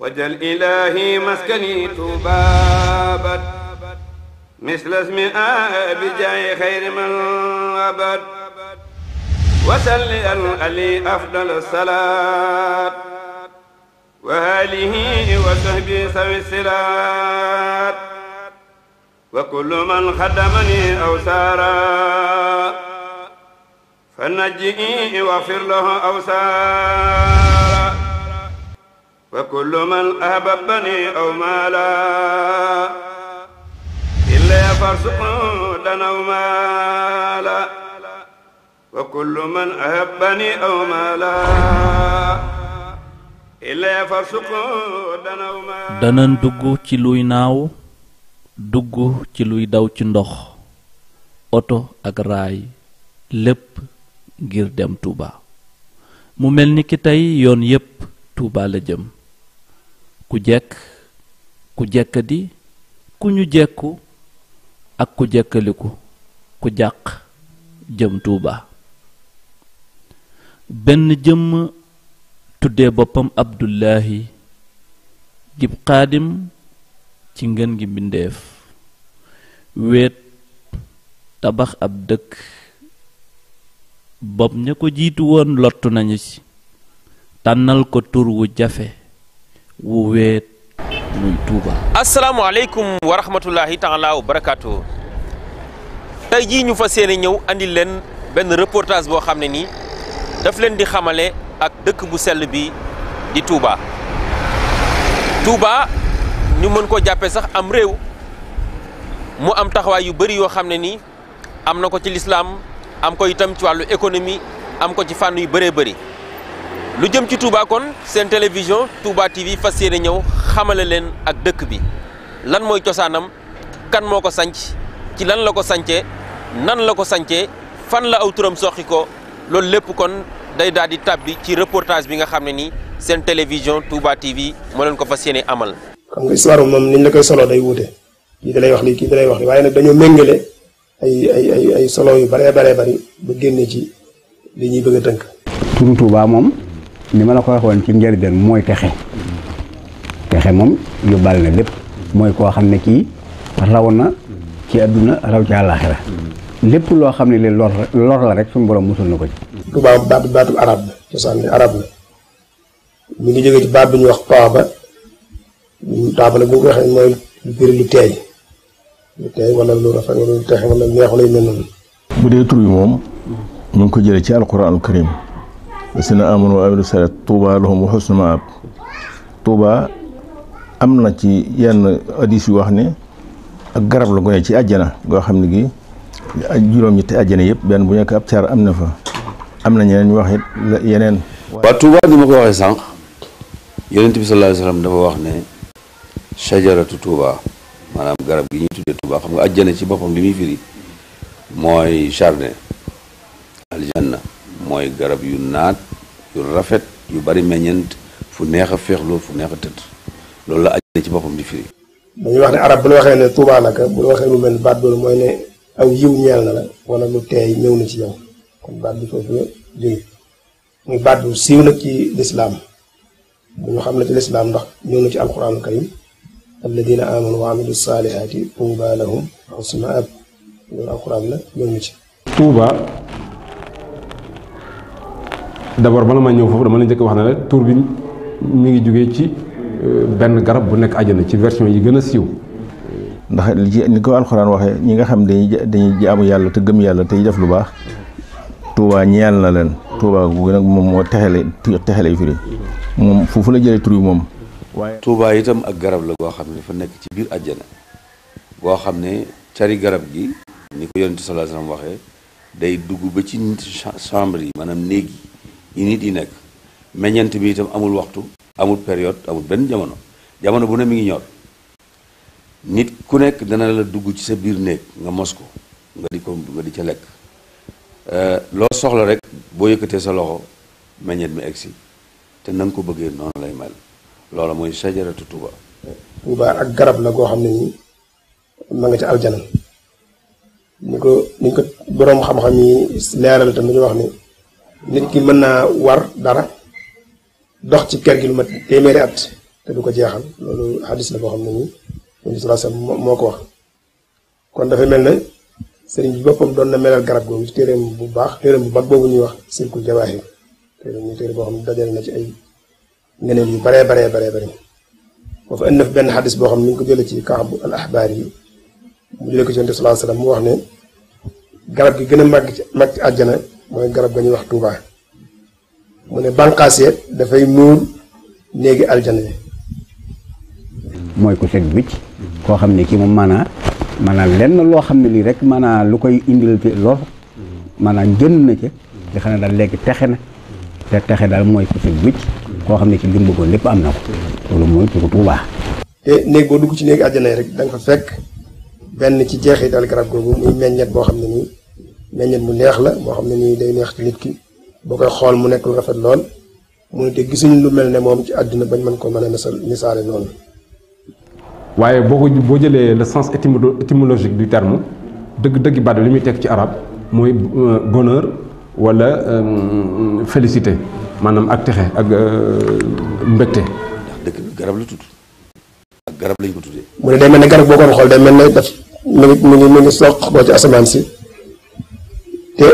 wajal ilaahi maskani tubaabat mislas mi abi jaay xayri man abad wasalli al ali afdal salaat wa aalihi wa sahbihi sawi silaat wa kullu man xaddamani aw saara fa najji i waxfir lahu aw saara وكل من ci luy naaw dugg ci luy daw ci ndox oto ak raay lépp ngir dem Tuuba mu mel ni ki tey yoon yépp Tuuba la jëm ku jekk ku di ku ñu jekku ak ku jekkaliku ku jàq jëm tuuba benn jëmm tudde boppam abdullahi dib xaadim ci ngën gi mbindeef wéet tabax ab dëkk bopp ña ko jiitu woon lottu nañu ci tànnal ko tur wu jafe wu weet muy Touba. asalaamaaleykum tey jii ñu fas yéene ñëw andi leen benn reportage boo xam ne nii daf leen di xamale ak dëkk bu sell bi di Touba. Touba ñu mën koo jàppee sax am réew mu am taxawaay yu bari yoo xam ne nii am na ko ci lislaam am ko itam ci wàllu économie am ko ci fànn yu bëree bëri. lu jëm ci Touba kon seen télévision Touba TV fas yéene ñëw xamale leen ak dëkk bi lan mooy cosaanam kan moo ko sanc ci lan la ko sancee nan la ko sancee fan la aw turam soxi ko loolu lépp kon day daal di tàbbi ci reportage bi nga xam ne nii seen télévision Touba TV moo leen ko fas yéene amal. xam nga histoire moom niñ la koy solo day wuute kii da lay wax lii kii da lay wax lii waaye nag dañoo méngale ay ay ay ay solo yu baree baree bari ba génne ci li ñuy bëgg a tënk. moom. ni ma la ko waxoon ci njëlbeen mooy texe texe moom yóbbaal na lépp mooy koo xam ne kii raw na ci àdduna raw ci àllaaxira lépp loo xam ne li lor la rek suñu borom musul na ko ci. tubaab baatu baatu arab la cosaan arab la mi ngi jógee ci baat bu ñuy wax taaba taaba nag bu ko waxee mooy lu bëri lu teey lu teey wala lu mel noonu. bu dee tur yi moom. ñu ngi ko jëlee ci alquran al karim lasina amanu wa amilu salat tuuba lahum wa husnu tuuba am na ci yenn hadis yu wax ne ak garab la gone ci àjjana goo xam ne gi juróom-ñetti àjjana yëpp benn bu nekk ab caar am na fa am na ñeneen ñu wax it yeneen waa tuuba ni ma ko waxee sànq yonent bi sallallahu alayhi wasallam dafa wax ne shajaratu tuuba maanaam garab gi ñuy tuddee tuuba xam nga àjjana ci boppam li muy firi mooy jardin aljanna mooy garab yu naat yu rafet yu bari meññeent fu neex a féexloo fu neex a tëdd loolu la aj ci boppam di firi dañuy wax ne arab bu la waxee ne tuubaa naka bu la waxee lu mel baat boobu mooy ne aw yiw ñeel na la wala lu teey ñëw na ci yow kon baat bi foofu la jóge muy baat bu siiw nag ci lislaam bu ñu xam ne ci lislaam ndox ñëw na ci alquran karim alladina amanu wa amilu saalihaati tuuba lahum xusna ab loolu alquran la ñëw na ci tuuba d'abord bala ma ñëw foofu dama la njëkk wax ne la tur bi mi ngi jugee ci euh, benn garab bu nekk àjjana ci version yi gën a siiw. ndax li ko alxuraan waxee ñi nga xam dañuy dañuy jaamu yàlla te gëm yàlla tey def lu baax. Touba ñeel na leen. Touba gu moom moo texele texele firi moom foofu la jëlee tur bi moom. waaye Touba itam ak garab la goo xam ne dafa nekk ci biir àjjana. goo xam ne cari garab gi. ni ko yonent sallallahu alayhi wasallam waxee day dugg ba ci chambre yi maanaam néeg yi. yi nit yi nekk meññent bi itam amul waxtu amul période amul benn jamono jamono bu ne mi ngi ñor nit ku nekk dana la dugg ci sa biir néeg nga mos ko nga di ko di ca lekk euh, loo soxla rek boo yëkkatee sa loxo meññet mi si te na ko bëggee noonu lay mel loola mooy sajaratu tuba tuba ak garab la goo xam ne nii ma nga ca aljana ni ko ni ko boroom xam-xam yi leeral tamit wax ni nit ki mën naa war dara dox ci ker gi lu mat téeméeri at te du ko jeexal loolu xadis la boo xam ne nii Yonent bi sallam moo ko wax kon dafa mel ne sëriñ boppam doon na melal garab googu ci téeréem bu baax téeréem bu bag boobu ñuy wax sirkul jawaahir téeréem muy téere boo xam ne dajale na ci ay ngeneen yu baree baree baree bëri foofu indi na fi benn xadis boo xam ne ni nga ko jëlee ci kaabu bu axbaar yi mu jëlee ko ci Yonent bi sallam mu wax ne garab gi gën a màgg ci màgg ci mooy garab ga ñuy wax tuuba mu ne bànqaaseet dafay muur néegi aljana mooy ku set wicc koo xam ne kii moom maanaa maanaam lenn loo xam ne lii rek manaa lu koy indil ci lor maanaam génn na ci nga xam ne daal léegi texe na te texe daal mooy ku set wicc koo xam ne ci lim bëggoon lépp am na ko loolu mooy turu tuubaa te néeg boo dugg ci néegi aljana yi rek da nga fa fekk benn ci jeexital garab googu muy meññet boo xam ne nii meññet mu neex la moo xam ne nii day neex ci nit ki boo koy xool mu nekk lu rafet lool mu ne te gisuñ lu mel ne moom ci àdduna bañ mën ko mën a misal misaale noonu. waaye boo ko boo jëlee le sens étymolo étymologique du terme dëgg-dëgg baat bi li muy tekk ci arab mooy euh, bonheur wala euh, félicité maanaam ak texe ak euh, mbégte. ndax garab la tudd ak garab mu ne day mel ne garab boo ko xool day mel ne daf mu ngi mu ngi soq ko ci asamaan si. te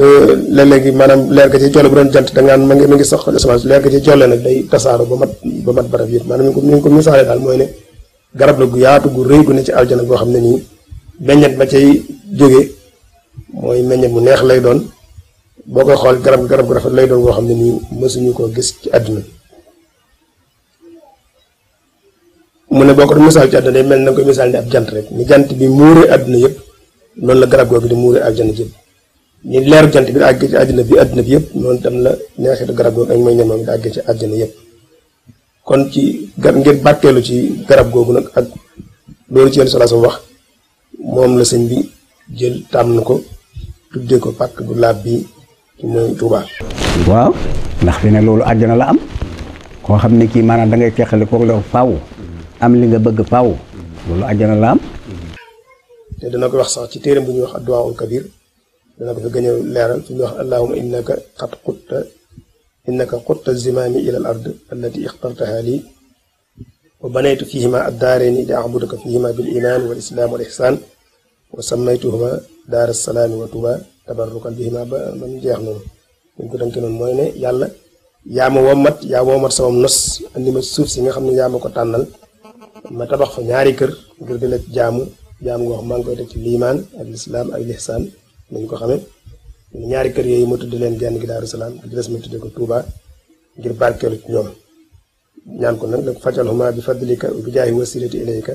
euh, léeg-léegi maanaam leer ga ci jolle bu doon jant da ngaan ma ngi ma ngi sax semence leer ga ci jolle nag day tasaaro ba mat ba mat barab yëpp maanaam ni ñu ko misaale daal mooy ne garab gu yaatu gu rëy gu ne ci aljana goo xam ne nii meññet ba cay jógee mooy meññet mu neex lay doon boo koy xool garab garab gu rafet lay doon goo xam ne nii mësuñu koo gis ci àddina mu ne boo ko doon misaal ci àdduna day mel na koy misaal ni ab jant rek ni jant bi muuree àddina yëpp noonu la garab googu di muuree àjjana ji ni leeru jant bi àgg ci àjjana bi àddina bi yëpp noonu tam la neexitu garab may ñamam di ci àjjana yëpp kon ci gar ngir barkeelu ci garab googu nag ak loolu ci yenn solo wax moom la sëñ bi jël tàmm na ko tuddee ko pàkk bu laab bi mooy Tuubaa waaw ndax fi ne loolu àjjana la am koo xam ne kii maanaam da ngay teqali kooku la faaw am li nga bëgg faaw loolu àjjana la am te dana ko wax sax ci téeram bu ñuy wax adduwaawul kabir dana ko fi gën a leeral fi ñuy wax allahuma innaka qad qutta innaka qutta zimaami ila al ard allati ixtartaha li wa banaytu fihima addaareeni li abuduka fihima bil iman wal islam jeex noonu dañ ko dënke noonu mooy ne yàlla yaa ma wommat yaa wommat samam nos andi suuf si nga xam ne yaa ko tànnal ma tabax fa ñaari kër ngir di la jaamu jaam ngoo wax maa ngi koy teg ci liimaan ak lislaam ak lihsaan nañ ko xame ñaari kër yooyu ma tudd leen genn gi daaru salaam gi des ma tudde ko Touba ngir barkeelu ci ñoom ñaan ko nag nag fajalhuma bi fadlika bi jaahi wasilati ilayka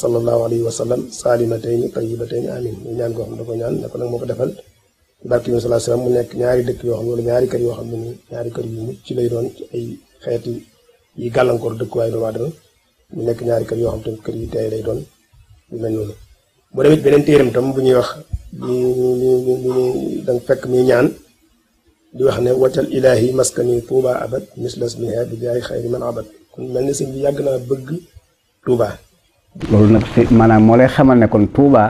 sallallahu alayhi wa sallam saalimatayni tayibatayni amin ñu ñaan ko xam da ko ñaan ne ko nag moo ko defal barke bi sallallahu alayhi wa sallam mu nekk ñaari dëkk yoo xam ne ñaari kër yoo xam ne nii ñaari kër yu ci lay doon ci ay xeeti yi gàllankoor dëkkuwaay doomu aadama mu nekk ñaari kër yoo xam te kër yi tey lay doon yu mel noonu boo demee beneen téeram tam bu ñuy wax di danga fekk muy ñaan di wax ne waccal ilaahi maskani tuuba abad mislas miha bi jaay xayri man abad kon mel ni sëñ bi yàgg naa bëgg tuuba loolu nag maanaam moo lay xamal ne kon tuuba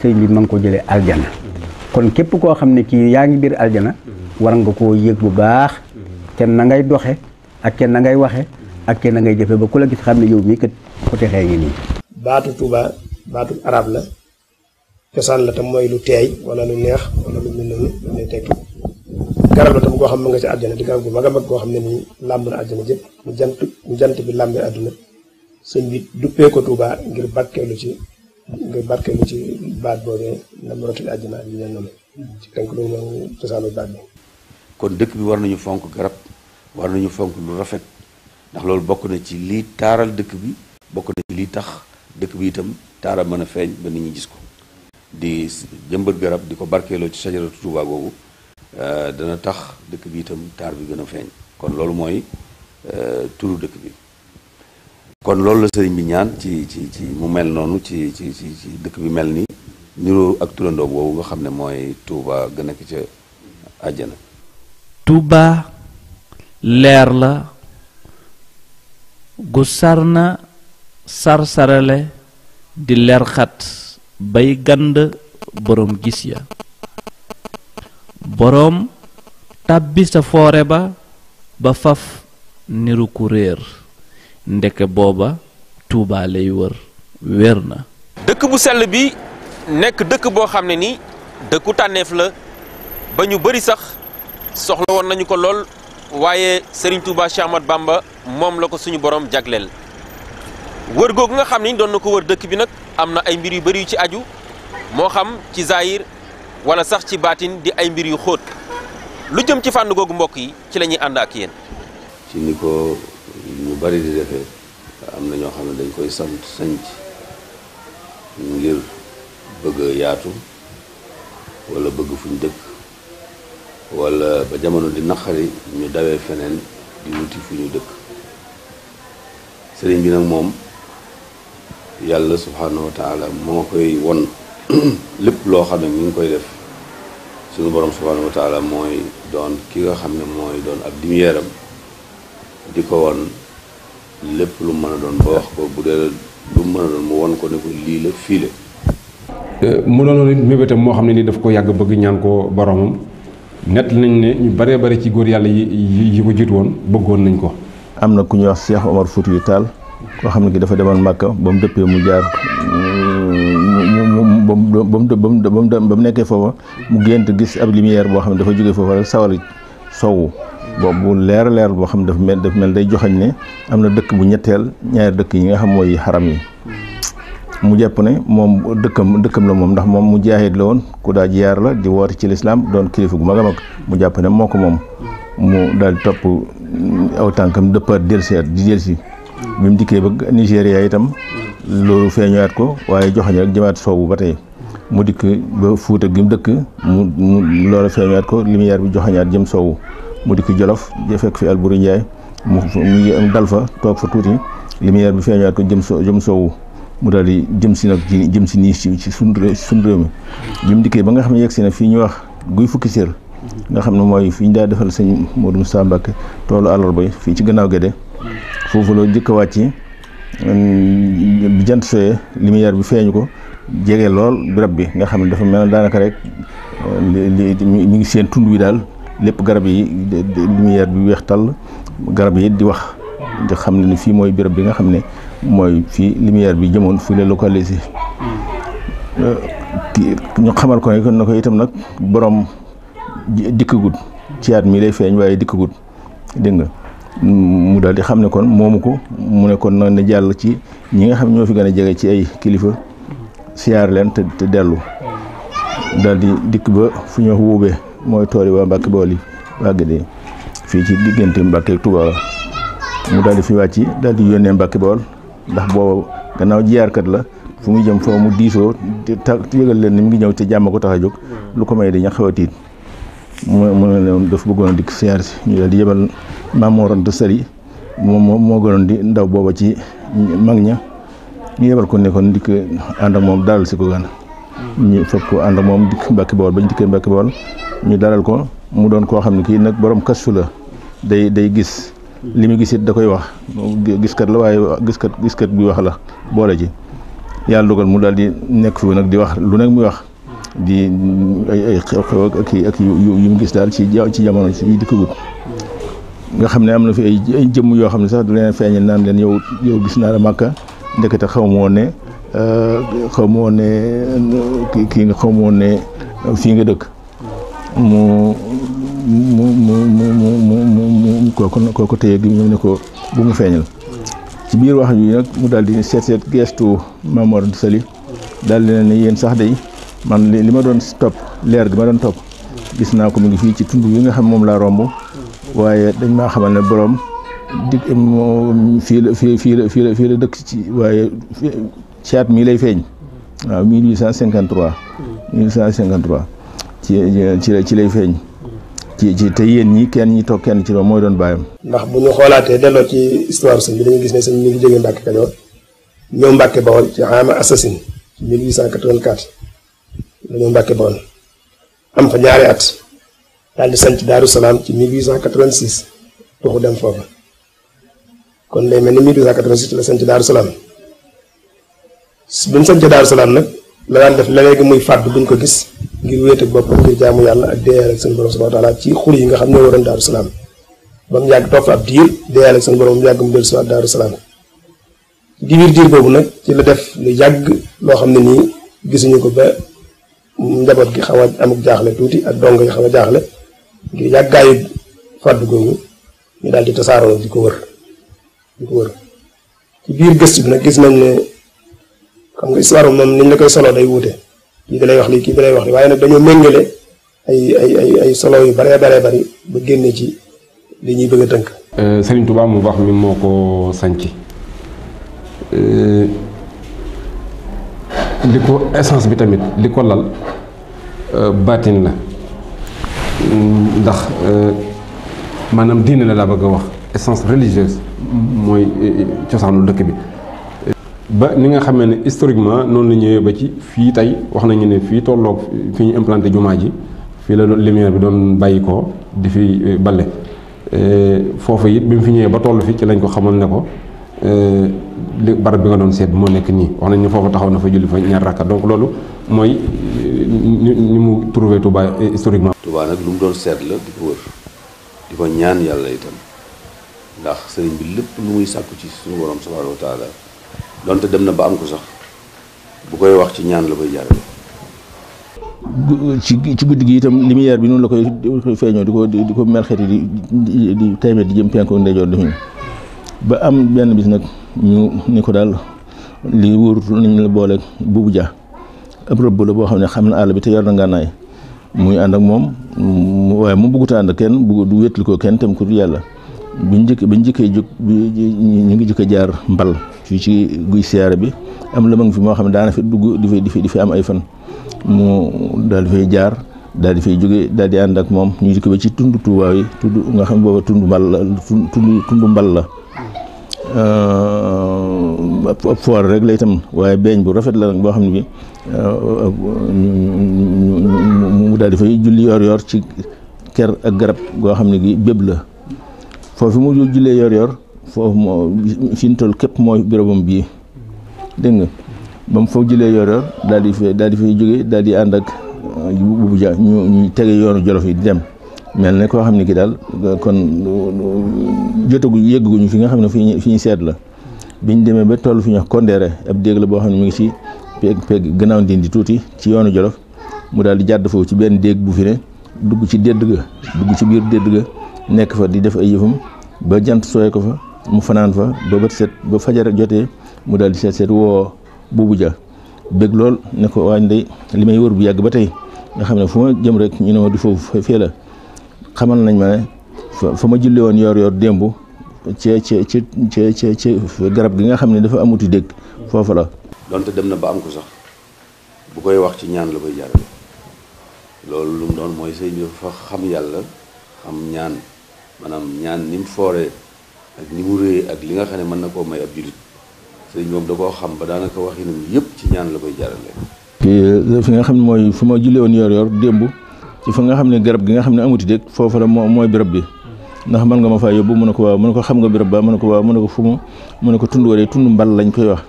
sëñ bi ma ngi ko jëlee aljana kon képp koo xam ne kii yaa ngi biir aljana war nga koo yëg bu baax kenn na ngay doxe ak kenn na ngay waxe ak kenn na ngay jëfe ba ku la gis xam ne yow mii kat ku texee ngi nii baatu tuuba baatu araab la cosaan la tam mooy lu teey wala lu neex wala lu mel noonu lu ne tekki garab la tam goo xam ne nga ci àjjana di garab gu mag a mag goo xam ne nii làmb na àjjana jëpp mu jant mu jant bi làmbee àdduna sëñ bi duppee ko Tuubaa ngir barkeelu ci ngir lu ci baat boobee lam rotil àjjana ñu yu mel noonu ci tënk loolu mooy cosaanu baat bi kon dëkk bi war nañu fonk garab war ñu fonk lu rafet ndax loolu bokk na ci lii taaral dëkk bi bokk na tax dëkk bi itam taara mën a feeñ ba nit ñi gis ko di jëmbët garab di ko barkeeloo ci sajaratu Tuuba googu euh, dana tax dëkk bi itam taar bi gën a feeñ kon loolu mooy euh, turu dëkk bi kon loolu la sëriñ bi ñaan ci ci ci mu mel noonu ci ci dëkk bi mel ni niroo ak turandoo boobu nga xam ne mooy Tuuba gën a ki ca àjjana Tuuba leer la gu sar na sar di lerxat bay gand boroom gis ya boroom tàbbi sa foore ba ba faf niru ku réer ndeke booba tuubaa wër wér na dëkk bu sell bi nekk dëkk boo xam ne ni dëkku tànneef la ba ñu bari sax soxla woon nañu ko lool waaye Serigne Touba Cheikh Ahmad Bamba moom la ko suñu borom jagleel wër googu nga xam ni doon na ko wër dëkk bi nag am na ay mbir yu bëri ci aju moo xam ci zaahir wala sax ci baatin di ay mbir yu xóot lu jëm ci fànn googu mbokk yi ci lañuy ànd ak yéen. ci ni ko ñu bari di defee am na ñoo xam ne dañ koy sant sanc ngir bëgg yaatu wala bëgg fuñ dëkk wala ba jamono di naqari ñu dawee feneen di wuti fu ñu dëkk sëriñ bi nag moom. yàlla subhaanahu wa taala moo koy won lépp loo xam ne mi ngi koy def suñu borom subhaanahu wa mooy doon ki nga xam ne mooy doon ab lumière am di ko won lépp lu mën a doon ba wax ko bu dee lu mën a doon mu won ko ne ko lii la fii la euh, mu doonoon it mébétam moo xam ne ni daf ko yàgg bëgg ñaan ko boromam nett nañ ne ñu baree bare ci góor yàlla yi yi ko jiitu woon bëggoon nañ ko am na ku ñuy wax Cheikh Omar Foutiyou Tall koo xam ne ki dafa demoon Màkka ba mu dëppee mu jaar mu mu ba mu ba mu ba nekkee foofa mu gént gis ab lumière boo xam ne dafa jógee foofa rek sawar sow boobu leer leer boo xam ne daf mel daf mel day joxañ ne am na dëkk bu ñetteel ñaari dëkk yi nga xam mooy xaram yi mu jàpp ne moom dëkkam dëkkam la moom ndax moom mu jaahid la woon ku daa yaar la di woote ci lislaam doon kilifa gu mag a mag mu jàpp ne moo ko moom mu daal topp aw tànkam dëppaat delsi at di delsi bi mu dikkee ba Nigéria itam loolu feeñuwaat ko waaye joxoñ rek jëmaat soobu ba tey mu dikk ba Fuuta gi mu dëkk mu mu loolu feeñuwaat ko lumière bi joxoñaat jëm soowu mu dikk Jolof fekk fi Alburi Njaay mu dal toog fa tuuti lumière bi feeñuwaat ko jëm so jëm soowu mu daal di jëm si nag ci jëm si nii ci ci sunu réew mi bi mu dikkee ba nga xam ne yegg si fii ñu wax guy fukki sér nga xam ne mooy fi ñu daa defal sëñ Modou Moustapha Mbacké toolu àllarba fii ci gannaaw Gédé foofu loo jëkk a wàcc bi jant soyee lumière bi feeñu ko jege lool garab bi nga xam ne dafa mel ne daanaka rek ñu ngi seen tund wi daal lépp garab yi lumière bi weex tàll garab yi di wax di xam ne ni fii mooy béréb bi nga xam ne mooy fii lumière bi jëmoon fii la localisé euh, ñu xamal ko ne ko na ko itam nag borom dikkagut ci at mii lay feeñ waaye dikkagut dégg nga mu daal di xam ne kon moomu ko mu ne kon na ne jàll ci ñi nga xam ñoo fi gën a jege ci ay kilifa siyaar leen te dellu daal di dikk ba fu ñuy wuubee mooy yi waa Mbàkke Bawol yi waa de fii ci diggante Mbàkke ak Tuubaa mu daal fi wàcc daal di yónnee Mbàkke Bawol ndax booba gannaaw jiyaarkat la fu muy jëm foo mu diisoo te yëgal leen ni mu ngi ñëw te jàmm ko tax a jóg lu ko may di ñax xaw a tiit mu mu ne daf bëggoon a dikk siyaar si maam moo rontu sëri moom moo gënoon di ndaw booba ci mag ña ñu yebal ko nekkoon ko dikk ànd ak moom dalal si ko gan ñu fekk ànd ak moom dikk mbàkki bawol bañ dikkee mbàkki bawol ñu dalal ko mu doon koo xam ne kii nag boroom kasfu la day day gis li mu gis da koy wax giskat la waaye giskat giskat buy wax la boole ji yàlla dogal mu daal di nekk fi nag di wax lu nekk muy wax di ay ay xew xew ak ak yu yu mu gis daal ci ci jamono ci dikk gut nga xam ne am na fi ay ay jëmm yoo xam ne sax du leen feeñal naan leen yow gis naa la màkka ndekete xaw ma woon ne euh, xaw ma woon ne kii nga xaw ma woon ne fii nga dëkk mu mu mu mu mu mu mu kooku kooku téye gi ñoom ne ko bu mu feeñal ci biir wax yi nag mu daal di seet seet geestu Mamor Sali daal di ne yéen sax day man li ma doon topp leer gi ma doon topp gis naa ko mu ngi fii ci tund bi nga xam moom laa romb. waaye dañ maa xamal ne borom dig fii la fii fii la fii la fii la dëkk ci waaye ci at mii lay feeñ waaw 1853 1853 ci ci ci lay feeñ ci ci te yéen ñi kenn ñi toog kenn ci loolu mooy doon bàyyam ndax bu ñu xoolaatee delloo ci histoire sëñ bi dañu gis ne sëñ mi ngi jógee Mbàkke Kajoor ñëw Mbàkke Bawol ci ama assassin 1884 la ñëw Mbàkke Bawol am fa ñaari at daal di sanc Daaru Salaam ci 1886 tuxu dem foofa kon day mel ni 1886 la sanc Daaru Salaam bi mu sanc Daaru Salaam nag la daan def léeg muy fàddu duñ ko gis ngir wéet ak boppam ngir jaamu yàlla ak deeyal ak seen borom subhanahu wa taala ci xur yi nga xam ne waroon Daaru Salaam ba mu yàgg toog fa ab diir deeyal ak seen borom mu yàgg mu dellusiwaat Daaru Salaam ci diir boobu nag ci la def lu yàgg loo xam ne nii gisuñu ko ba njaboot gi xaw a am jaaxle tuuti ak dong yi xaw a jaaxle ngir yàggaayu fàddu googu ñu daal di tasaaroo di ko wër di ko wër ci biir gëstu bi nag gis nañ ne xam nga histoire moom niñ la koy solo day wuute kii da lay wax lii kii da lay wax lii waaye nag dañoo méngale ay ay ay solo yu baree baree bari ba génne ci li ñuy bëgg a tënk. Euh, Serigne Touba mu baax mi moo ko sañci euh, li ko essence bi tamit li ko lal euh, baatin la. ndax euh, maanaam diine la laa bëgg a wax essence religieuse mooy euh, cosaanu dëkk bi ba ni nga xamee ne historiquement noonu la ñëwee ba ci fii tey wax nañu ne fii tolloog fii ñu implanté jumaa ji fii la lumière bi doon bàyyi ko di fi euh, bale foofu it bi mu fi ñëwee ba toll fi ci lañ ko xamal ne ko li barab bi nga doon seet moo nekk nii wax nañu ne foofu taxaw na fa julli fa ñaar rakka donc loolu mooy ni mu trouvé Touba historiquement. Touba nag lu mu doon seet la di ko wër di ko ñaan yàlla itam ndax sëriñ bi lépp lu muy sàkku ci suñu borom subhanahu wa taala donte dem na ba am ko sax bu koy wax ci ñaan la koy jaarale. ci ci guddi gi itam lumière bi noonu la koy feeñoo di ko di ko melxeti di di taymet di jëm penku ndeyjoor defuñu ba am benn bi nag ñu ni ko daal li wóorutul nañ la boole buubu ja ab rëbb la boo xam ne xam na àll bi te yor na ngànnaay muy ànd ak moom waaye mu bëggut ànd kenn bu du wétli ko kenn tam ku dul yàlla biñ njëkk biñ njëkkee jóg ñu ngi jëkk jaar mbal fii ci guy siyaare bi am la ma fi moo xam ne daana fi dugg di fi di fi di fi am ay fan mu daal di fay jaar daal di fay jóge dal di ànd ak moom ñu jëkk ba ci tund tuubaa nga xam booba tund mbal la tund tund mbal la euh, ab foire rek la itam waaye beeñ bu rafet la nag boo xam ne bi euh, mu daal di fay julli yor yor ci ker ak garab goo xam ne gi béb la foofu mu jullee yor yor foofu moo fi képp mooy bérébam bii dégg nga ba mu fa yor daal di fay daal di fay jóge daal di ànd ak bu bu ja ñu yoonu jolof yi dem mel ne koo xam ne ki daal kon euh, jotagu fi nga xam ne fi ñu fi ñu seet la biñ demee ba toll fi ñu wax Kondéré ab déeg la boo xam ne mu ngi si peeg peeg gannaaw ndindi tuuti ci yoonu Jolof mu daal di jàdd foofu ci benn déeg bu fi ne dugg ci dédd ga dugg ci biir dédd ga nekk fa di def ay yëfam ba jant sooy ko fa mu fanaan fa ba bët set ba fajare jotee mu daal di seet seet woo buubu ja bëgg lool ne ko waañ day li may wër bu yàgg ba tey nga xam ne fu ma jëm rek ñu ne ma di foofu fee la xamal nañ ma ne fa ma julli woon yor yor démb ci ci ci ci ci garab gi nga xam ne dafa amuti dégg foofu la. donte dem na ba am ko sax bu koy wax ci ñaan la koy jaarale loolu lum mu doon mooy sëñ bi dafa xam yàlla xam ñaan maanaam ñaan ni mu fooree ak ni mu réyee ak li nga xam ne mën na koo may ab jullit sëñ moom da koo xam ba daanaka waxinam yëpp ci ñaan la koy jaarale. fi nga xam ne mooy fu ma jullee woon yor-yor démb ci fa nga xam ne garab gi nga xam ne amuti dégg foofu la moo mooy béréb bi. ndax mën nga ma faa yóbbu mu ne ko waaw mu ne ko xam nga birab ba mu ne ko waaw mu ne ko fu mu mu ne ko tund wala tund koy wax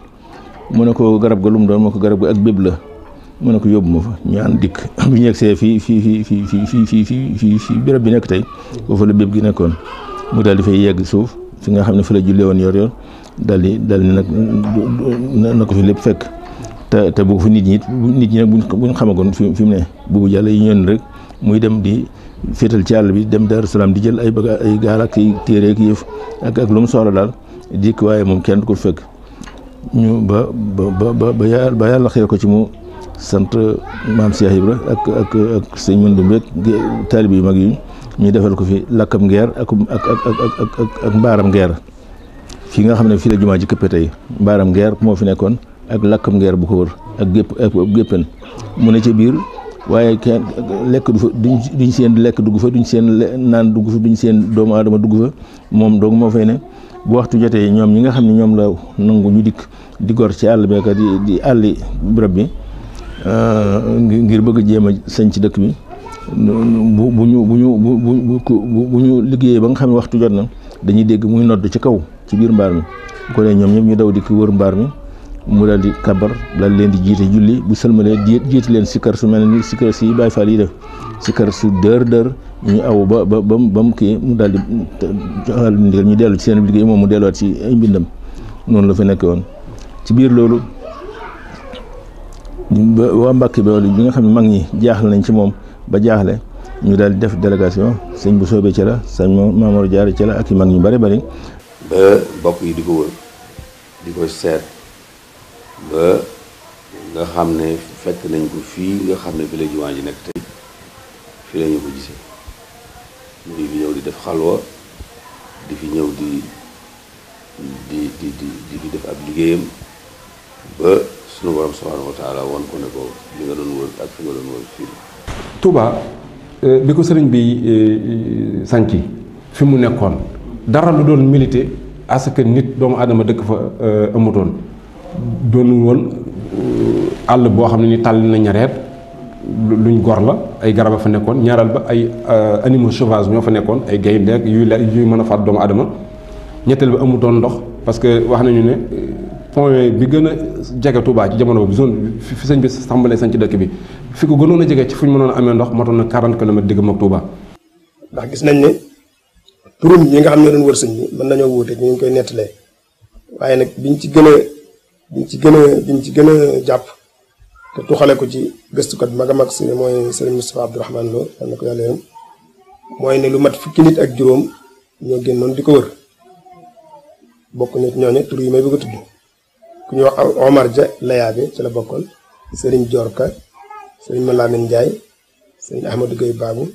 mu ne ko garab ga lum doon mu ne ko garab ga ak béb la mu ne ko yóbbu ma fa ñu ànd dikk bu ñu yegsee fii fii fii fii fii fii fii fii fii fii birab bi nekk tey foofu la béb gi nekkoon mu daal di fay yegg suuf fi nga xam ne fa la jullee woon yor yor dal di daal di na ko fi lépp fekk te te bu fi nit ñi nit ñi nag buñ xamagoon fi mu ne boobu yàlla yi ñoon rek muy dem di féetal ci àll bi dem Daaru Salaam di jël ay bëgg ay gaal ak ay téere ki yëf ak lu mu soxla daal dikk waaye moom kenn du ko fekk ñu ba ba ba ba yàlla xëy ko ci mu sant maam Cheikh Ibra ak ak ak sëñ Mandoumbe ak taalib yu mag yi ñu defal ko fi lakkam ngeer ak ak ak ak mbaaram ngeer fii nga xam ne fii la jumaa ci këppe tey mbaaram ngeer moo fi nekkoon ak lakkam ngeer bu ko wër ak gépp ak géppen mu ne ci biir. waaye kenn lekk du fa duñ duñ seen lekk dugg fa duñ seen naan dugg fa duñ seen doomu aadama dugg fa moom dong moo fay ne bu waxtu jotee ñoom ñi nga xam ne ñoom la nangu ñu dikk di gor ci àll beekat di di àlli bërëb bi euh, ngir bëgg jéem a sañ ci dëkk bi bu bu ñu bu ñu liggéeyee ba xam ne waxtu jot na dañuy dégg muy nodd ci kaw ci biir mbaar mi bu ko dee ñoom ñëpp ñu daw dikk wër mbaar mi mu daal di kabar daal leen di jiite julli bu sëlmalee di jiite leen sikkar su mel ni sikkar si Baay Faal yi def sikkar su dër dër ñu aw ba ba ba mu kii mu daal di joxal ndigal ñu dellu ci seen liggéey moom mu delluwaat si ay mbindam noonu la fa nekk woon ci biir loolu waa Mbàkke ba bi nga xam ne mag ñi jaaxle nañ ci moom ba jaaxle ñu daal di def délégation sëñ bu soobee ci la sëñ Maamor Jaara ca la ak yi mag ñu bari bari ba bokk yi di ko wër seet ba nga xam ne fekk nañ ko fii nga xam ne fi la jumaa ji nekk tey fi la ko gisee mu ngi di def xalwa di fi ñëw di di di di fi def ab liggéeyam ba sunu borom subhanahu wa taala ko ne ko nga doon wër ak fi nga doon wër fii Touba euh, bi ko sëriñ bi euh, euh, sànci fi mu nekkoon dara lu doon milité à ce nit doomu aadama dëkk fa amutoon doonul woon euh, àll boo xam ne ni tàll na ñareet luñ gor la ay garab a fa nekkoon ñaareel ba ay euh, animaux sauvages ñoo fa nekkoon ay gaynde ak yuy lekk yuy mën a faat doomu adama ñetteel ba amutoon ndox parce que wax nañu ne euh, point bi gën a jege Touba ci jamono boobu zone fi sañ bi sàmbalee sañ ci dëkk bi fi ko gënoon a jege ci fu ñu mënoon a amee ndox moo toon na 40 kilomètres diggam ak Touba. ndax gis nañ ne turam yi nga xam ne doon wër sëñ bi mën nañoo wuute ñu ngi koy nettalee diñ ci gën a diñ ci gën a jàpp te tuxale ko ci gëstukat mag a mag si mooy sëriñ Moustapha Abdourahmane Lo yal na ko yàlla yërëm mooy ne lu mat fukki nit ak juróom ñoo génnoon di ko wër bokk na ñooñu tur yi may bëgg a tudd ku ñuy wax Omar Ja Layaabe ci la bokkoon sëriñ Dior Ka ma Malamine Ndiaye sëriñ Ahmadou Gueye Babou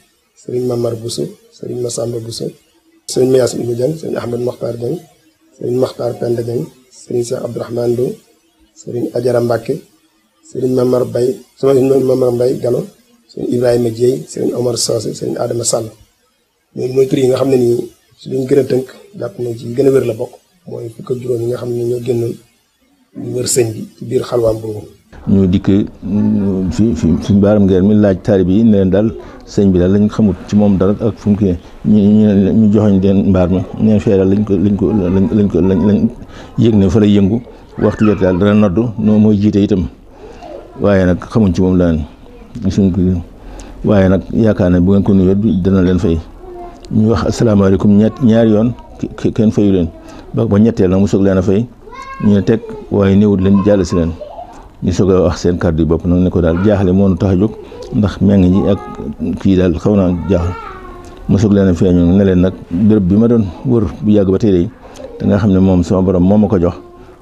sëriñ Mamar Bousso sëriñ Massamba Bousso sëriñ Mayasin Ibou Dieng sëriñ Ahmed Makhtar Dieng sëriñ Makhtar Penda Dieng sëriñ Cheikh Abdourahmane Lo sëriñ Ajara Mbacke sëriñ Mamar Bay sëriñ Mamar Mbay Galo sëriñ Ibrahima Dieye sëriñ Omar Socé sëriñ Adama Sall loolu mooy tur yi nga xam ne nii su duñ gën a tënk jàpp nañ ci gën a wér la bokk mooy fukk juróom yi nga xam ne ñoo génn ñu wër sëñ bi ci biir xalwaam boobu ñu dikk mm, fi fi fi mbaaram ngeer mi laaj taalibe yi ne leen daal sëñ bi daal lañ xamut ci moom dara ak fu mu kii ñu ñu ñu joxoñ leen mbaar mi neen fee lañ ko lañ ko lañ ko lañ lañ yëg ne fa lay yëngu waxtu jot daal dana noddu noo mooy jiite itam waaye nag xamuñ ci moom daan suñ ko nag yaakaar na bu ngeen ko nuyoo dana leen fay ñu wax asalaamaaleykum ñett ñaari yoon kenn fayu leen ba ba ñetteel nag mu leen a fay ñu ne teg waaye néewut leen jàll si leen ñu soog a wax seen kàddu yi bopp nag ne ko daal jaaxle moo nu tax a jóg ndax meng ji ak kii daal xaw naa jaaxal ma soog leen a feeñu ne leen nag béréb bi ma doon wër bu yàgg ba tey de da nga xam ne moom sama borom moo ma ko jox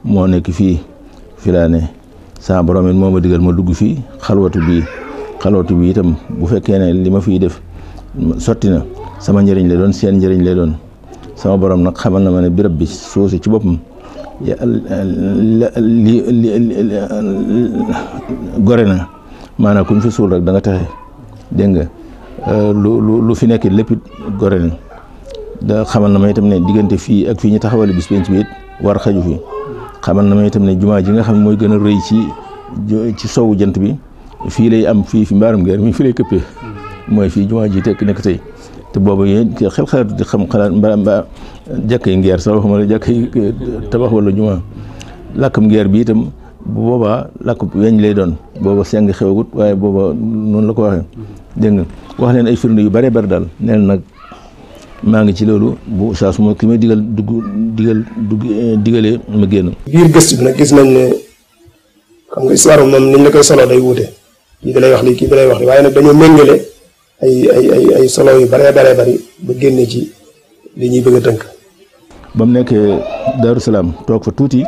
moo nekk fii fi laa ne sama borom moom moo ma ma dugg fii xalwatu bii xalwatu bi itam bu fekkee ne li ma fiy def sotti na sama njëriñ la doon seen njëriñ la doon sama borom nag xamal na ma ne béréb bi suuf ci boppam. li gore na maanaam kuñ fi suul rek da taxe dégg nga euh, lu lu fi nekk lépp gore na da xamal na ma itam ne diggante fii ak fii ñu taxawale bis penc bi it war xaju fi xamal na ma itam ne jumaa ji nga xam mooy gën a rëy ci ci sowu jant bi fii lay am fii fi mbaaram geer mi fii lay këppee mooy fii jumaa ji tekk nekk tey te boobu yéen xel xalaatu di xam xalaat mbaa mbaa jàkk yi ngeer sax waxuma la jàkk yi tabax wala jumaa làkkam ngeer bi itam bu boobaa làkk weñ lay doon booba seng xewagut waaye booba noonu la ko waxee dégg nga wax leen ay firnde yu bare bare daal neen nag ngi ci loolu bu saa su ki may dugg dugg eh, digalee ma génn. biir gis nañ ne xam nga histoire moom niñ la koy solo day wuute kii da lay wax lii kii da lay wax lii waaye nag dañoo méngale. ay ay ay ay solo yu baree baree bari ba génne ci li ñuy bëgg a tënk. ba mu nekkee Darou Salaam toog fa tuuti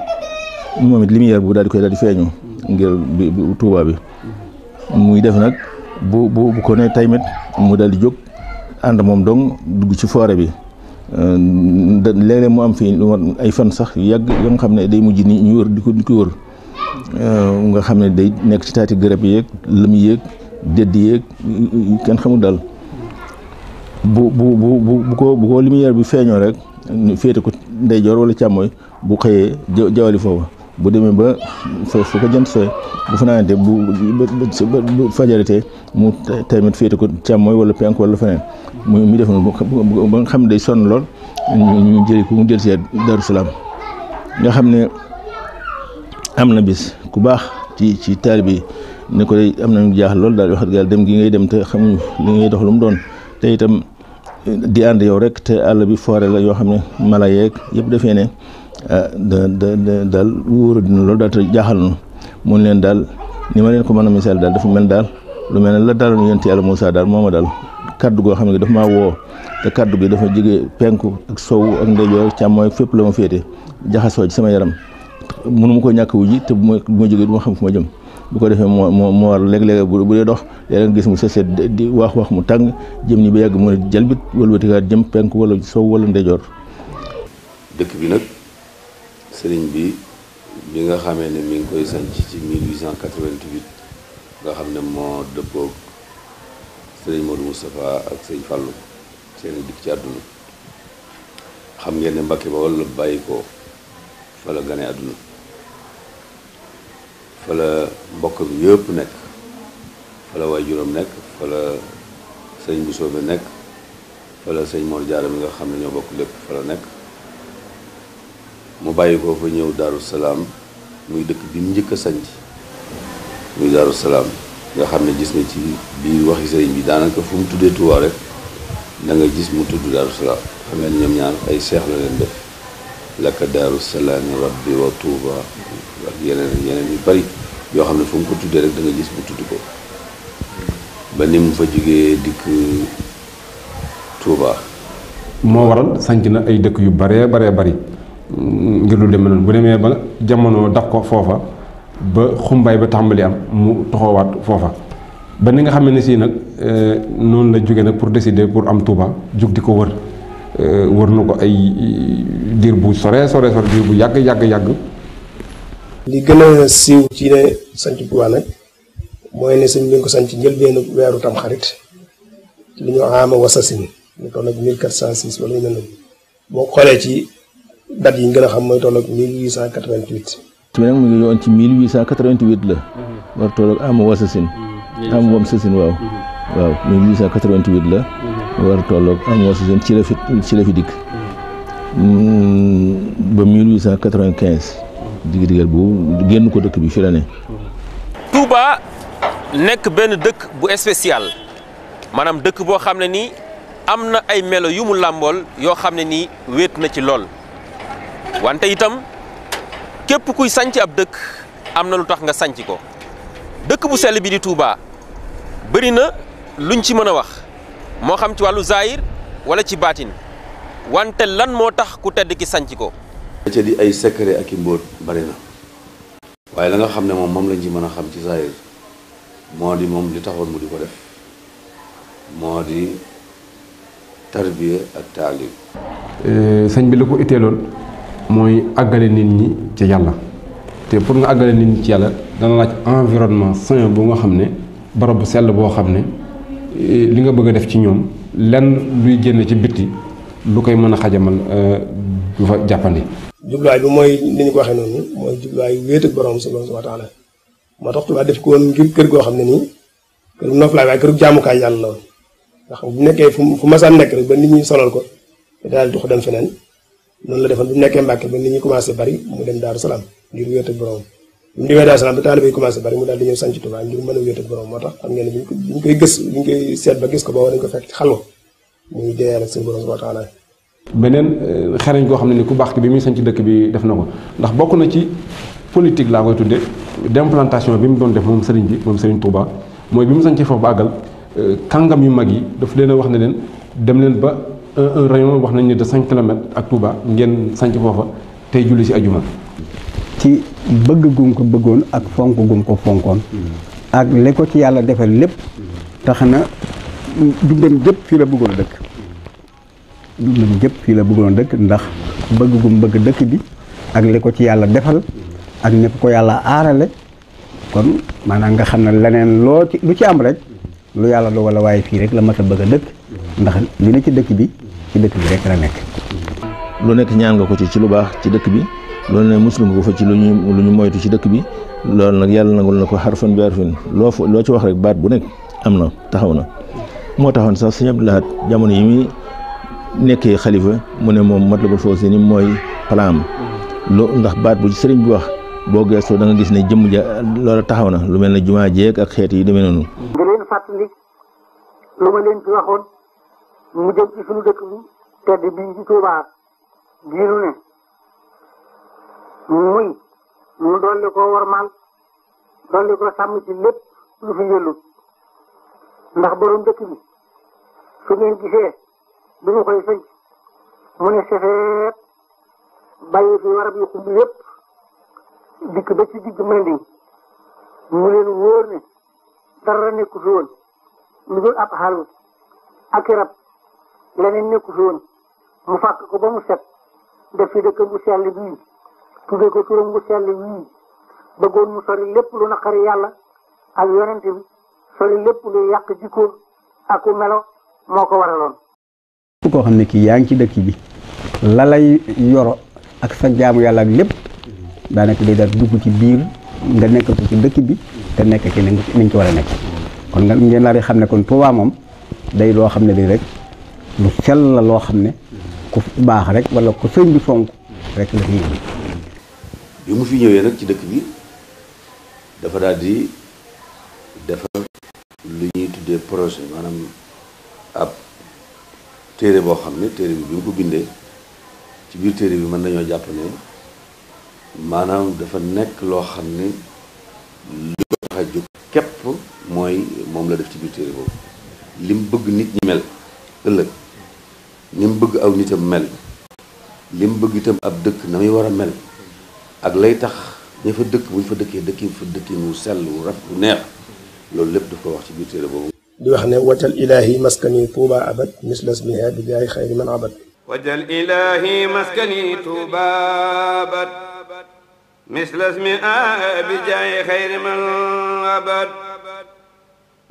moom it lumière bu dal di koy daal di feeñu ngir bi Touba bi muy def nag bu bu bu ko mu dal di jóg ànd moom dong dugg ci foore bi euh, léeg-léeg mu am fi ay fan sax yàgg yoo nga xam ne day mujj ni ñu wër di ko di ko wër euh, nga xam ne day nekk ci taati garab yeeg lëm yéeg dédd yeeg kenn xamul daal bu bu bu bu ko bu ko lumière bi feeñoo rek féete ko ndeyjoor wala càmmooy bu xëyee jawali foofa bu demee ba fu ko jant sooy bu fanaanante bu bu mu tamit féete ko càmmooy wala penk wala feneen mu mu def noonu ba nga xam ne day sonn lool ñu jëli ko mu jël see Daaru nga xam ne am na bis ku baax ci ci taalibe bi ne ko am na nañu jaaxal loolu daal di wax yàlla dem gi ngay dem te xamuñu li ngay dox lu mu doon te itam di ànd yow rek te àll bi foore la yoo xam ne mala yeeg yëpp defee ne ah, da daal wóor loolu daal te jaaxal nu mun leen daal ni ma leen ko mën a misaal daal dafa mel daal lu mel ne la daaloon yonent yàlla Moussa daal moo ma daal kaddu goo xam ne dafa ma woo te kaddu gi dafa jóge penku ak sow ak ndeyjoor ak càmmooy fépp la ma féete jaxasoo ci sama yaram mënu ko ñàkk wu ji te bu ma bu ma jógee xam fu jëm bu ko defee moo moo moo war léeg-léeg bu bu dee dox léeg nga gis mu sëset di wax wax mu tàng jëm ni ba yàgg mu ne jalbit wëlbatikaat jëm penk wala sow wala ndeyjoor. dëkk bi nag sëriñ bi bi nga xamee ne mi ngi koy sanc ci 1888 nga xam ne moo dëppoog sëriñ Modou Moustapha ak sëriñ Fallou seen dikk ci àdduna xam ngeen ne Mbàkke Bawol la bàyyi ko fa àdduna fa la mbokkam yëpp nekk fa la waajuram nekk fa la sëñ bu soobe nekk fa la sëñ Mor Jaara mi nga xam ne ñoo bokk lépp fa nekk mu bàyyi ko ñëw Daaru Salaam muy dëkk bi mu njëkk a sanc muy Daaru Salaam nga xam ne gis nga ci biir waxi sëriñ bi daanaka fu mu tuddee Tuubaa rek da nga gis mu tudd Daaru Salaam xam ne ñoom ñaar ay seex la leen def laka daaru salaami rabbi wa tuuba yeneen yeneen bari yoo xam ne fu mu ko tuddee rek da nga gis bu tudd ko ba ni mu fa jógee dikk tuuba moo waral sanc na ay dëkk yu baree baree bari ngir lu demee noonu bu demee ba jamono daf ko foofa ba xumbaay ba tàmbali am mu toxowaat foofa ba ni nga xam ne si nag eh, noonu la jógee nag pour décider pour am tuuba jóg di ko wër Euh, wër na ko ay diir bu sore sore sore diir bu yàgg yàgg yàgg. li gën a siiw ci ne sanc Tuubaa nag mooy ne sëñ bi ko sanc njëlbéenu weeru tamxarit li ñu aama wasasin mu toll ak 1406 wala ñu mel noonu boo xoolee ci date yi ñu gën a xam mooy toll ak 1888. tamit nag mu ngi yoon ci 1888 la. Mm-hmm. war toll ak aama wasasin. Mm-hmm. aama wasasin waaw. Mm-hmm. waaw 1888 la. war tolloog amoo si ci la fi ci la fi dikk mm, ko dëkk bi fi nekk benn dëkk bu spécial maanaam dëkk boo xam ne ni am na ay melo yu mu làmbool yoo xam ne nii wéet na ci lool wante itam képp kuy sanc ab dëkk am na lu tax nga sañc ko dëkk bu sell bi di Touba bëri na luñ ci mën a wax moo xam ci wàllu zaahir wala ci baatin wante lan moo tax ku tedd ki sañc ko ca di ay secret ak ki mbóot bari waaye la nga xam ne moom moom lañ ci mën a xam ci zaahir moo di moom li taxoon mu di ko def moo di tarbiya ak taalim euh, sëñ bi la ko itteeloon mooy àggale nit ñi ci yàlla te pour nga àggale nit ñi ci yàlla dana laaj environnement sain bu nga xam ne barab bu sell boo xam ne li nga bëgg a def ci ñoom lenn luy génn ci bitti lu koy mën a xajamal euh, du fa jàppandi. jubluwaay bi mooy ni ko waxee noonu mooy jubluwaay wéet ak borom subhanahu wa taala moo tax Tuubaa def ko woon ngir kër goo xam ne nii kër noflaay waaye kër jaamukaay yàlla la woon bu nekkee fu fu masaan nekk rek ba nit ñi solal ko daal di dox dem feneen noonu la defoon bu nekkee Mbàkke ba nit ñi commencé bari mu dem Daaru Salaam ngir wéet ak mu ñëwee ba taalibe yi commencé bari mu daal di ñëw sanc Tuubaa ngir mën a wéetal borom moo tax xam ngeen ne bi ñu ko bi ñu koy gës ñu koy seet ba gis ko booba dañ ko fekk xalwa muy deeyal wa taala beneen euh, xereñ koo xam ne ni ku baax ki bi muy sanc dëkk bi def na ko ndax bokk na ci politique laa koy tudde d'implantation bi mu doon def moom sëriñ bi moom sëriñ Touba mooy bi mu sancee foofu ba àggal euh, kàngam yu mag yi daf leen wax ne leen dem leen ba rayon wax nañ ne cinq kilomètres ak Touba ngeen sanc foofa tey julli ci ajuma ci bëgg gum ko bëggoon ak fonk gum ko fonkoon mm-hmm. ak li ko ci yàlla defal lépp mm-hmm. tax na dundam jëpp fii la bëggoon dëkk jëpp mm-hmm. fii la bëggoon dëkk ndax bëgg gum bëgg dëkk bi ak li ko ci yàlla defal ak ni ko yàlla aarale kon maanaam nga xam ne leneen loo ci lu ci am rek lu yàlla do wala waaye fii rek la mat a bëgg a dëkk ndax li ne ci dëkk bi ci dëkk bi rek la nekk lu nekk ñaan nga ko ci ci lu baax ci dëkk bi loolu ne muslim ko fa ci lu ñu lu ñu moytu ci dëkk bi loolu nag yàlla nangul na ko xarfan bi harfin loo fa loo ci wax rek baat bu nekk am na taxaw na moo taxoon sax si Abdou Lahad jamono yi muy nekkee xalifa mu ne moom Matlabul Fawzayni mooy palaam loo ndax baat bu sëriñ bi wax boo geestoo da nga gis ne jëmm ja loola taxaw na lu mel ne jumaa jeeg ak xeet yi demee noonu. nga leen fàttali lu ma leen ci waxoon mu jëm ci suñu dëkk bi tedd bii ci Tuubaa muñ mu dolli ko warmal dolli ko sàmm ci lépp lu fi yëllut ndax borom dëkk bi su ngeen gisee bi ñu koy sëñ mu ne sefeet bàyyi fi warab yu xumb yépp dikk ba digg mandi mu leen wóor ne dara nekku fi woon lu dul ab xalu ak rab leneen nekku fi woon mu fàkk ko ba mu set def ci dëkk bu sell bii tuddee ko turam bu sell wii bëggoon mu sori lépp lu naqari yàlla ak yonent bi sori lépp lu yàq jikkoon ak melo moo ko waraloon. koo xam ne kii yaa ngi ci dëkk bi la lay yoro ak sa jaamu yàlla ak lépp daanaka day daal dugg ci biir nga nekkatu ci dëkk bi te nekk ci ni nga ci war a nekk kon nga ngeen naa di xam ne kon Tuubaa moom day loo xam ne di rek lu sell la loo xam ne ku baax rek wala ku sëñ bi fonk rek la fi bi mu fi ñëwee nag ci dëkk bi dafa daal di dafa lu ñuy tuddee projet maanaam ab téere boo xam ne téere bi bi mu ko bindee ci biir téere bi mën nañoo jàpp maanaam dafa nekk loo xam ne li ko tax a jóg mooy moom la def ci biir téere boobu li mu bëgg nit ñi mel ëllëg ni bëgg aw nitam mel li bëgg itam ab dëkk na muy war a mel ak lay tax ña fa dëkk bu ñu fa dëkkee dëkkin fa dëkkin wu sell wu rafet wu neex loolu lépp daf ko wax ci biir téere boobu di wax ne wajal ilaahi maskani tuuba abad mislas biha bi jaay xayri man abad wajal ilaahi maskani tuuba abad mislas biha bi jaay xayri man abad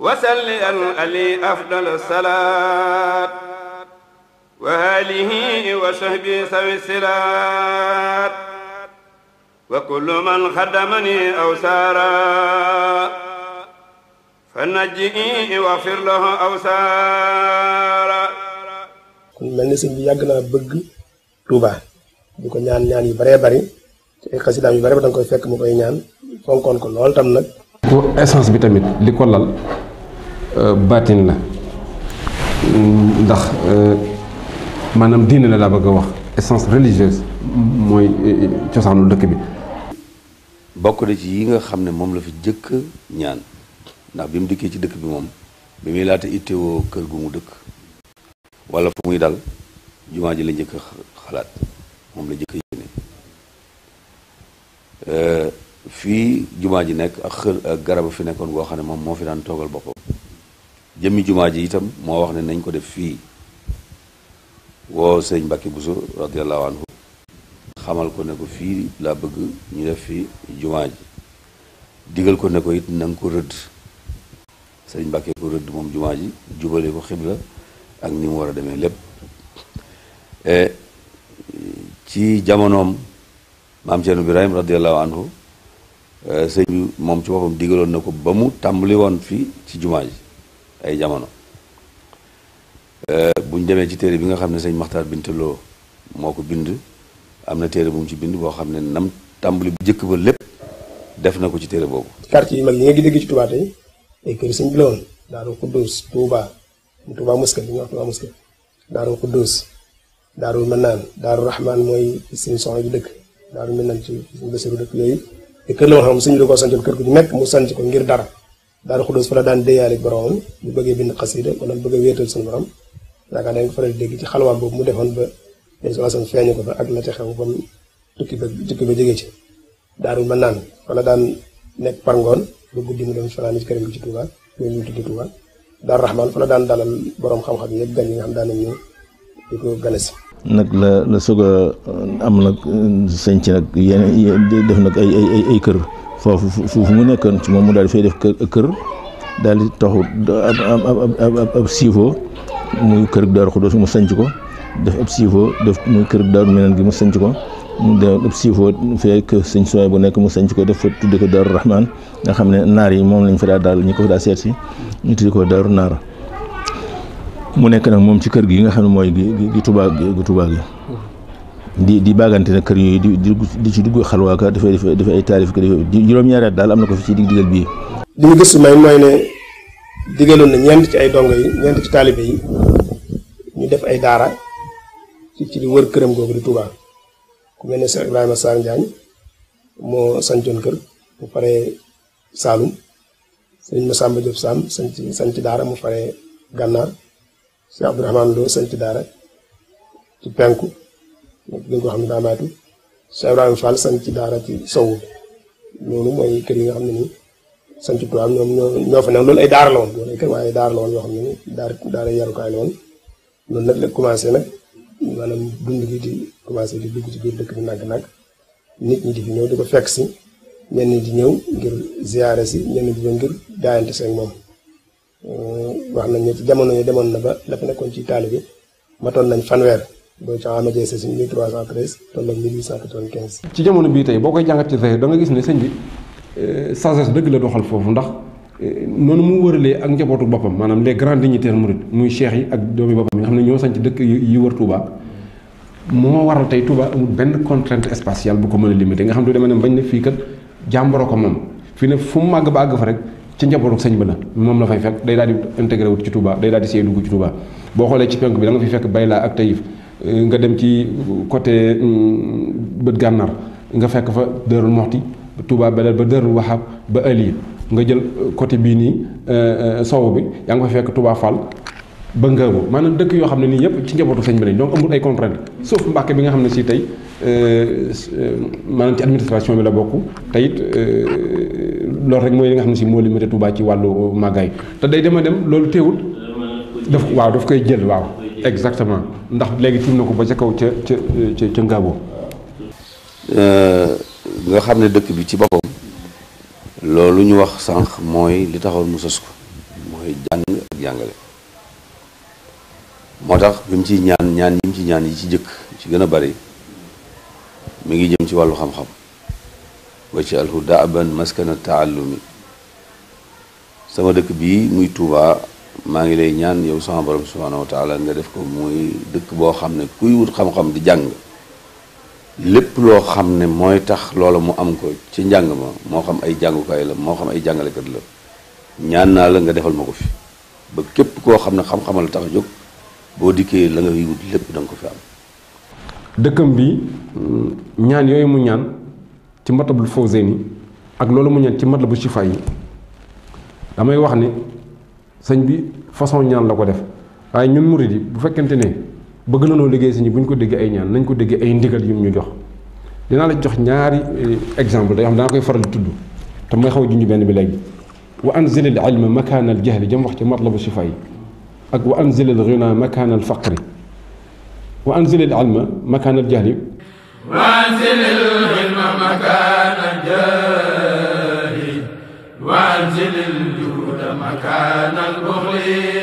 wasalli al ali afdal salaat wa alihi wa sahbi sawi silaat وكل من خدمني أو سارا فنجئي واغفر له أو سارا kon mel ni si bi yàgg naa bëgg Touba di ko ñaan ñaan yu baree bari ci ay xasidaam bare ba danga koy fekk mu koy ñaan fonkoon ko lool tam nag pour essence bi tamit li ko lal euh, baatin la ndax euh, maanaam diine la laa bëgg a wax essence religieuse mooy euh, cosaanu dëkk bi bokk na ci yi nga xam ne moom la fi jëkk ñaan ndax bi mu dikkee ci dëkk bi moom bi muy laata ittewoo kër gu mu dëkk wala fu muy dal jumaa ji la njëkk xalaat moom la njëkk yéene euh, fii ji nekk ak xër ak fi nekkoon boo xam ne moom moo fi daan toogal boppam jëmmi jumaa ji itam moo wax ne nañ ko def fii woo sëñ mbakki Buso radiyallahu anhu xamal ko ne fii laa bëgg ñu def fi jumaa ji digal ko ne ko it na ko rëdd sëriñ Mbàkke ko rëdd moom jumaa ji jubale ko xibla ak ni mu war a demee lépp e, ci jamonoom maam Cerno Birahim radiallahu e, sëñ bi ci boppam digaloon na ko ba mu tàmbali woon fii ci jumaa ji ay jamono e, buñ demee ci téere bi nga xam ne sëñ Maxtaar Bintaloo moo ko bind am na téere bu mu ci bind boo xam ne nam tàmbali bu njëkk ba lépp def na ko ci téere boobu. quartier yu mag yi nga dégg ci Touba tey ay kër sëñ bi la woon Daaru Xuddoos Touba Touba Mosquée li ñuy wax Touba Mosquée Daaru Xuddoos Daaru Manaan Daaru Rahman mooy seen soxna ji dëkk Daaru Manaan ci suñu Basiru dëkk yooyu te kër la woon xam sëñ bi da kër gu nekk mu sanc ko ngir dara Daaru Xuddoos fa la daan déyaale boromam bu bëggee bind xasida wala bëgg a wéetal suñu borom yaakaar dañ ko faral dégg ci xalwaam boobu mu defoon ba dañ soo asan feeñu fa ak la ca xew ba tukki ba ba jógee ci ma naan wala daan nekk parngoon ba guddi mu dem fanaan ci këram gi ci dalal boroom xam-xam yëpp gan yi nga xam daan nañ ñëw ganes nag la la soog a euh, am nag euh, sëñ ci nag yenn def nag ay ay kër foofu foofu mu nekkoon ci moom mu daal di fay def kër daal di taxu ab ab ab ab siifoo muy kër Daaru Xudoos mu sanc ko def ab siifoo def muy kër daaru meneen gi mu sanc ko def ab siifoo fee kër sëñ sooy bu nekk mu sanc ko def fa tudde ko daaru rahmaan nga xam ne naar yi moom lañ fa daa daal ñi ko fa si ñu tudde ko daaru naar mu nekk nag moom ci kër gi nga xam ne mooy gi tubaa gi di di baagante nag kër yooyu di di ci dugg xalwaa ka dafay dafay ay taarif ka dafay juróom-ñaari at daal am na ko fi ci dig digal bii li ñu gëstu may mooy ne digaloon na ñeent ci ay dongo yi ñeent ci taalibe yi ñu def ay daara ci ci li wër këram googu di Touba ku mel ne Cheikh Ibrahima Sarr Njaañ moo sancoon kër mu pare Saalum sëñ Massamba Diop Sam sanc sanc daara mu pare Gànnaar Cheikh Abdourahmane Lo sanc daara ci penku dañ ko xam ne daamaatu Cheikh Ibrahima Fall sanc daara ci sowu loolu mooy kër yi nga xam ne ni sanc Touba ñoom ñoo ñoo fa nekk loolu ay daara loolu ay yoo xam ne nii daara daara yarukaay la loolu nag la commencé nag maanaam dund gi di commencé di dugg ci biir dëkk bi nag-nag nit ñi di fi ñëw di ko fekk si ñenn ñi di ñëw ngir ziyaare si ñenn ñi di ñëw ngir daayante seen moom wax nañ ne ci jamono yi demoon na ba la fa nekkoon ci taalibe matoon nañ fanweer boo ca amajee sa si 1313 tolloog 1895. ci jamono bii tey boo koy jàngat ci tey da gis ne sëñ bi sagesse dëgg la doxal foofu ndax. noonu mu wëralee ak njabootu boppam maanaam les grands dignitaires murid muy cheikh yi ak doomi boppam yi nga xam ne ñoo sañ ci dëkk yi wër Touba moo waral tey Touba benn contrainte spatiale bu ko mën a limité nga xam du demee ne bañ ne fii kat jàmboro ko moom fii ne fu mu màgg ba àgg fa rek ci njabootu sañ ba la moom la fay fekk day daal di intégré wut ci Touba day daal di seey dugg ci Touba boo xoolee ci penk bi da nga fi fekk Bayla ak Taïf euh, nga dem ci côté hmm, bët gànnaar nga fekk fa Dërul Moxti Touba Belel ba Dërul Waxaab ba Aliya nga jël côté bii nii euh, euh, sow bi yaa ngi fa fekk Touba Fall ba Ngaabu maanaam dëkk yoo xam ne nii yëpp ci njabootu sëñ bi lañ donc amul ay contrainte sauf Mbàkke bi nga xam ne si tey euh, maanaam ci administration bi la bokk te it loolu rek mooy li nga xam ne si moo li limité Touba ci wàllu màggaay te day dem a dem loolu teewul. daf waaw daf koy jël waaw. exactement ndax léegi tiim ne ko ba ca kaw ca ca ca Ngaabu. nga xam ne dëkk bi ci boppam. loolu ñu wax sànq mooy li taxoon mu sos ko mooy jàng ak jàngale moo tax bi mu ciy ñaan ñaan yi ci ñaan yi ci jëkk ci gën a bari mu ngi jëm ci wàllu xam-xam wa ci alhu daaban maskana taallumi sama dëkk bii muy Touba maa ngi lay ñaan yow sama borom subhanahu wa nga def ko muy dëkk boo xam ne kuy wut xam-xam di jàng lépp loo xam ne mooy tax loola mu am ko ci njàng ma moo xam ay jàngukaay la moo xam ay jàngalekat la ñaan naa la nga defal ma ko fi ba képp koo xam ne xam-xamal la tax a jóg boo dikkee la ngay wut lépp da ko fi am. dëkkam bi ñaan yooyu mu ñaan ci Matlabul Fawzayni ak loolu mu ñaan ci Matlabu Chifa yi damay wax ne sëñ bi façon ñaan la ko def waaye ñun murid yi bu fekkente ne. bëgg na noo liggéey si ñi bu ñu ko déggee ay ñaan nañ ko déggee ay ndigal yu ñu jox dinaa la jox ñaari eh, exemple day xam dana koy faral di tudd te mooy xaw a junj benn bi léegi wa anzilil ilma makaana al jahli jëm wax ci matlabu sifa yi ak wa anzilil ghina makaana al faqri wa anzilil ilma makaana jahli wa anzilil ilma makaana jahli wa anzilil juuda makaana al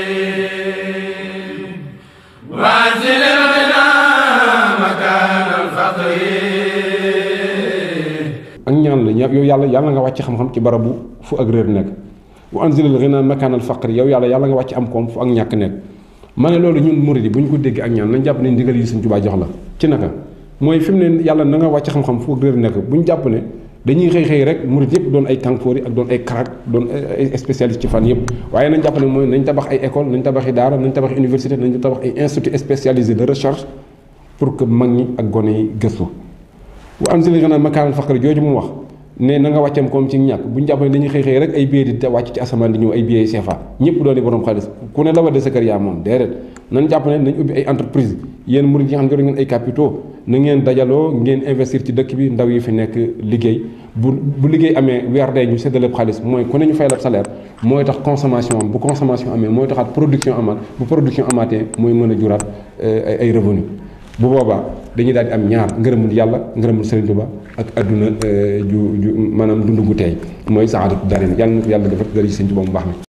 la yow yàlla yàlla nga wàcc xam-xam ci barabu fu ak réer nekk wa anzilal yow yàlla yàlla nga wàcc am koom fu ak ñàkk nekk ma loolu ñun murid yi bu ñu ko dégg ak ñaan nañ jàpp ne ndigal yi Sëñ Tuubaa jox la ci naka mooy fi mu ne yàlla na nga wàcc xam-xam fu ak réer nekk bu ñu jàpp ne dañuy xëy xëy rek murid yëpp doon ay kànfoor yi ak doon ay karak doon ay spécialiste ci fan yëpp waaye nañ jàpp ne mooy nañ tabax ay école nañ tabax i daara nañ tabax université nañ tabax ay institut spécialisé de recherche pour que mag ñi ak gone yi gëstu wa anzilal ghina makaanal faqri jooju mu wax ne na nga wàccam comme ci ñàkk bu ñu jàpp ne dañuy xëy xëy rek ay billets di te wàcc ci asamaan di ñëw ay billets CFA ñëpp doon di borom xaalis ku ne la wa de sa yaa moom déedéet nan jàpp ne nañ ubbi ay entreprise yéen murid yi nga xam ne ngeen dajaloo ngeen investir ci dëkk bi ndaw yi fi nekk liggéey bu bu liggéey amee weer dee ñu séddale xaalis mooy ku ne ñu fay la salaire mooy tax consommation am bu consommation amee mooy taxaat production amaat bu production amaatee mooy mën a juraat euh, ay revenu bu boobaa dañuy daal am ñaar ngërëmul yàlla ngërëmul Sëriñ Tuubaa ak adduna euh, ju ju maanaam dund gu tey mooy saadatu daarayni yàlla na ko yàlla defal dara ci sëñ Tuubaa mi